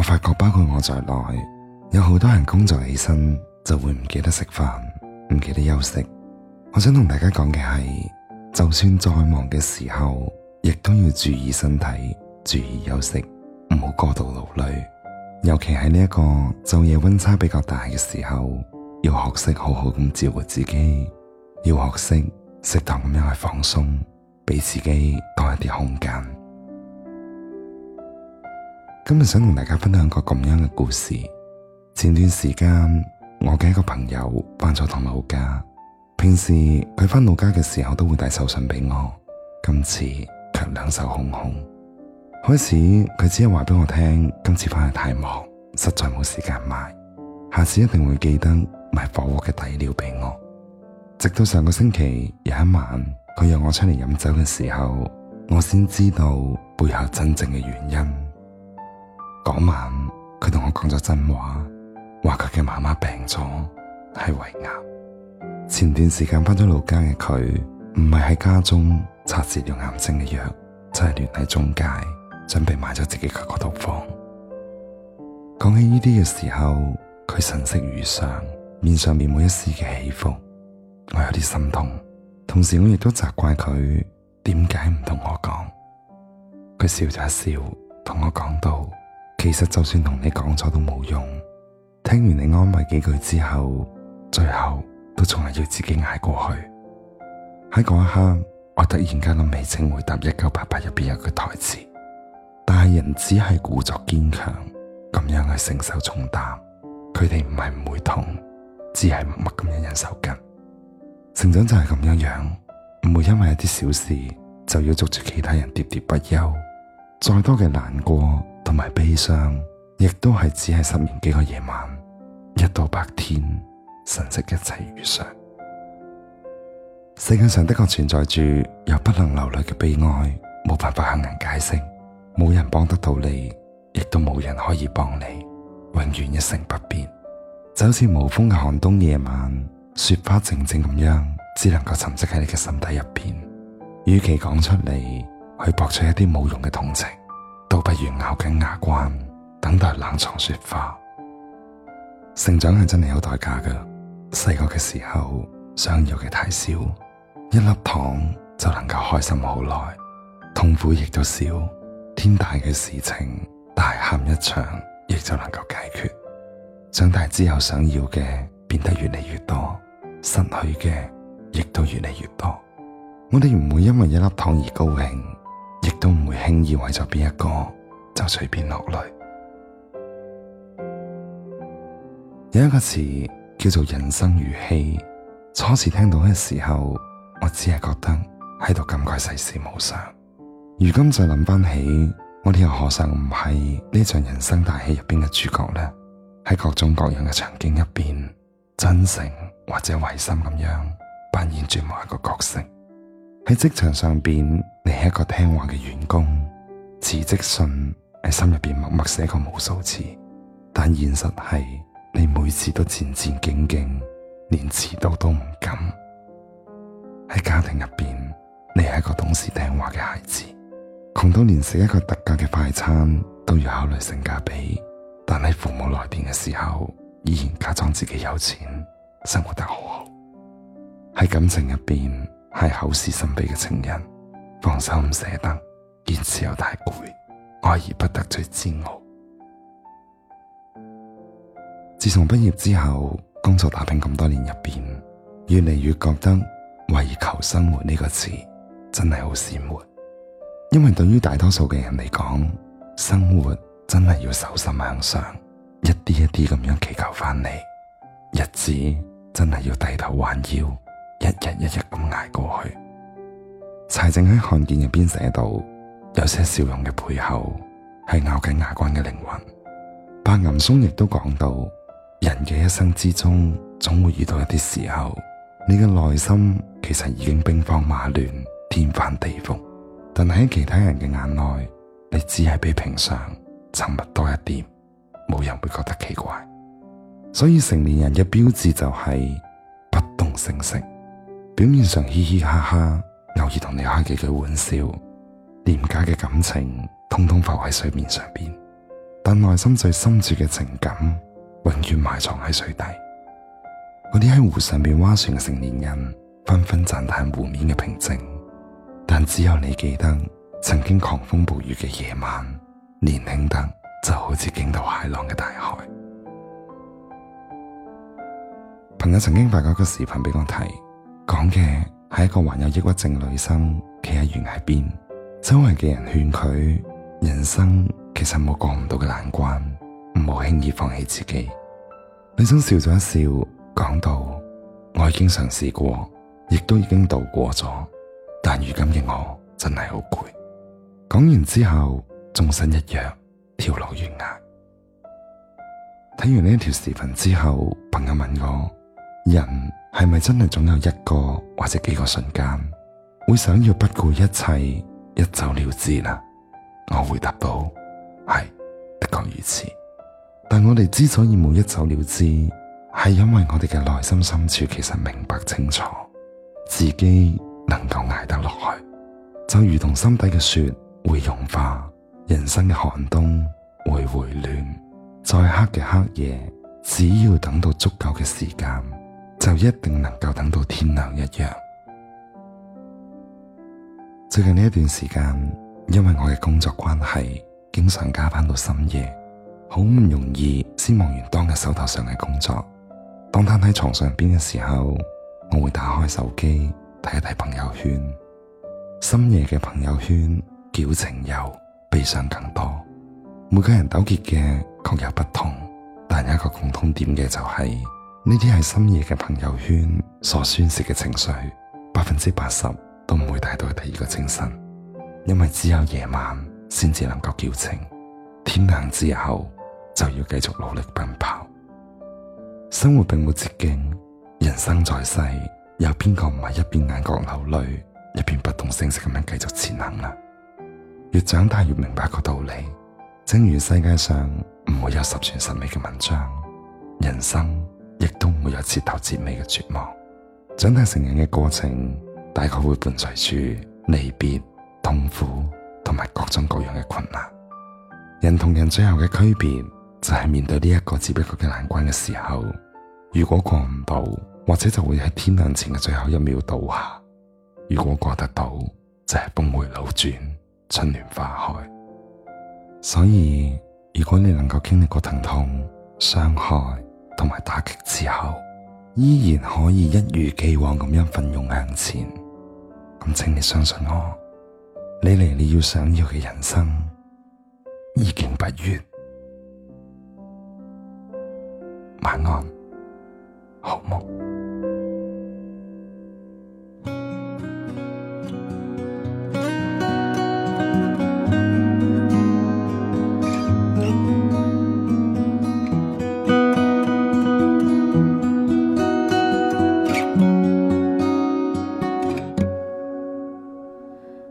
我發覺包括我在內，有好多人工作起身就會唔記得食飯，唔記得休息。我想同大家講嘅係，就算再忙嘅時候，亦都要注意身體，注意休息，唔好過度勞累。尤其喺呢一個晝夜溫差比較大嘅時候，要學識好好咁照顧自己，要學識適當咁樣去放鬆，俾自己多一啲空間。今日想同大家分享個咁樣嘅故事。前段時間我嘅一個朋友翻咗趟老家，平時佢翻老家嘅時候都會帶手信俾我，今次卻兩手空空。開始佢只係話俾我聽，今次翻去太忙，實在冇時間買，下次一定會記得買火鍋嘅底料俾我。直到上個星期有一晚，佢約我出嚟飲酒嘅時候，我先知道背後真正嘅原因。嗰晚佢同我講咗真話，話佢嘅媽媽病咗，係胃癌。前段時間翻咗老家嘅佢，唔係喺家中擦治療癌症嘅藥，就係聯繫中介，準備買咗自己嘅嗰套房。講起呢啲嘅時候，佢神色如常，面上面冇一絲嘅起伏，我有啲心痛，同時我亦都責怪佢點解唔同我講。佢笑咗一笑，同我講到。其實就算同你講咗都冇用。聽完你安慰幾句之後，最後都仲係要自己挨過去。喺嗰一刻，我突然間諗起，請回答一九八八入邊有句台詞：大人只係故作堅強，咁樣去承受重擔。佢哋唔係唔會痛，只係默默咁樣忍受緊。成長就係咁樣樣，唔會因為一啲小事就要捉住其他人，喋喋不休。再多嘅難過。同埋悲傷，亦都係只係失眠幾個夜晚。一到白天，神色一切如常。世界上的確存在住又不能流淚嘅悲哀，冇辦法向人解釋，冇人幫得到你，亦都冇人可以幫你，永遠一成不變，就好似無風嘅寒冬夜晚，雪花靜靜咁樣，只能夠沉寂喺你嘅心底入邊。與其講出嚟去博取一啲冇用嘅同情。都不如咬緊牙關，等待冷藏雪花。成長係真係有代價噶。細個嘅時候，想要嘅太少，一粒糖就能夠開心好耐，痛苦亦都少。天大嘅事情，大喊一場，亦就能夠解決。長大之後，想要嘅變得越嚟越多，失去嘅亦都越嚟越多。我哋唔會因為一粒糖而高興。亦都唔會輕易為咗邊一個就隨便落淚。有一個詞叫做人生如戲，初次聽到嘅時候，我只係覺得喺度感慨世事無常。如今再諗翻起，我哋又何嘗唔係呢場人生大戲入邊嘅主角呢？喺各種各樣嘅場景入邊，真誠或者違心咁樣扮演住某一個角色。喺職場上邊，你係一個聽話嘅員工，辭職信喺心入邊默默寫過無數次，但現實係你每次都戰戰兢兢，連遲到都唔敢。喺家庭入邊，你係一個懂事聽話嘅孩子，窮到連食一個特價嘅快餐都要考慮性價比，但喺父母來電嘅時候，依然假裝自己有錢，生活得好好。喺感情入邊，係口是心非嘅情人，放手唔捨得，堅持又太攰，愛而不得最煎熬。自從畢業之後，工作打拼咁多年入邊，越嚟越覺得為求生活呢個字真係好鮮活。因為對於大多數嘅人嚟講，生活真係要手心向上，一啲一啲咁樣祈求翻嚟，日子真係要低頭彎腰。一,一日一日咁挨過去，柴靜喺《看見》入邊寫到，有些笑容嘅背後係咬緊牙關嘅靈魂。白岩松亦都講到，人嘅一生之中總會遇到一啲時候，你嘅內心其實已經兵荒馬亂、天翻地覆，但喺其他人嘅眼內，你只係比平常沉默多一點，冇人會覺得奇怪。所以成年人嘅標誌就係不動聲色。表面上嘻嘻哈哈，偶爾同你開幾句玩笑，廉價嘅感情通通浮喺水面上邊，但內心最深處嘅情感永遠埋藏喺水底。嗰啲喺湖上邊划船嘅成年人紛紛讚嘆湖面嘅平靜，但只有你記得曾經狂風暴雨嘅夜晚，年輕得就好似驚濤駭浪嘅大海。朋友曾經發過一個視頻俾我睇。講嘅係一個患有抑鬱症女生，企喺懸崖邊，周圍嘅人勸佢：人生其實冇過唔到嘅難關，唔好輕易放棄自己。女生笑咗一笑，講到我已經嘗試過，亦都已經度過咗，但如今嘅我真係好攰。講完之後，縱身一躍，跳落懸崖。睇完呢一條視頻之後，朋友問我：人？係咪真係總有一個或者幾個瞬間會想要不顧一切一走了之啦？我回答道：係的確如此。但我哋之所以冇一走了之，係因為我哋嘅內心深處其實明白清楚，自己能夠捱得落去。就如同心底嘅雪會融化，人生嘅寒冬會回暖，再黑嘅黑夜，只要等到足夠嘅時間。就一定能夠等到天亮一樣。最近呢一段時間，因為我嘅工作關係，經常加班到深夜，好唔容易先忙完當日手頭上嘅工作。當攤喺床上邊嘅時候，我會打開手機睇一睇朋友圈。深夜嘅朋友圈，矯情又悲傷更多。每個人糾結嘅確有不同，但有一個共通點嘅就係、是。呢啲係深夜嘅朋友圈所宣泄嘅情緒，百分之八十都唔會帶到去第二個清晨，因為只有夜晚先至能夠矯情，天亮之後就要繼續努力奔跑。生活並冇捷徑，人生在世，有邊個唔係一邊眼角流淚，一邊不動聲色咁樣繼續前行啦啊？越長大越明白個道理，正如世界上唔會有十全十美嘅文章，人生。亦都唔會有徹頭徹尾嘅絕望。長大成人嘅過程，大概會伴隨住離別、痛苦同埋各種各樣嘅困難。人同人最後嘅區別，就係面對呢一個接一個嘅難關嘅時候，如果過唔到，或者就會喺天亮前嘅最後一秒倒下；如果過得到，就係峰迴路轉，春暖花開。所以，如果你能夠經歷過疼痛、傷害，同埋打擊之後，依然可以一如既往咁樣奮勇向前。咁請你相信我，你嚟你要想要嘅人生，已經不遠。晚安，好夢。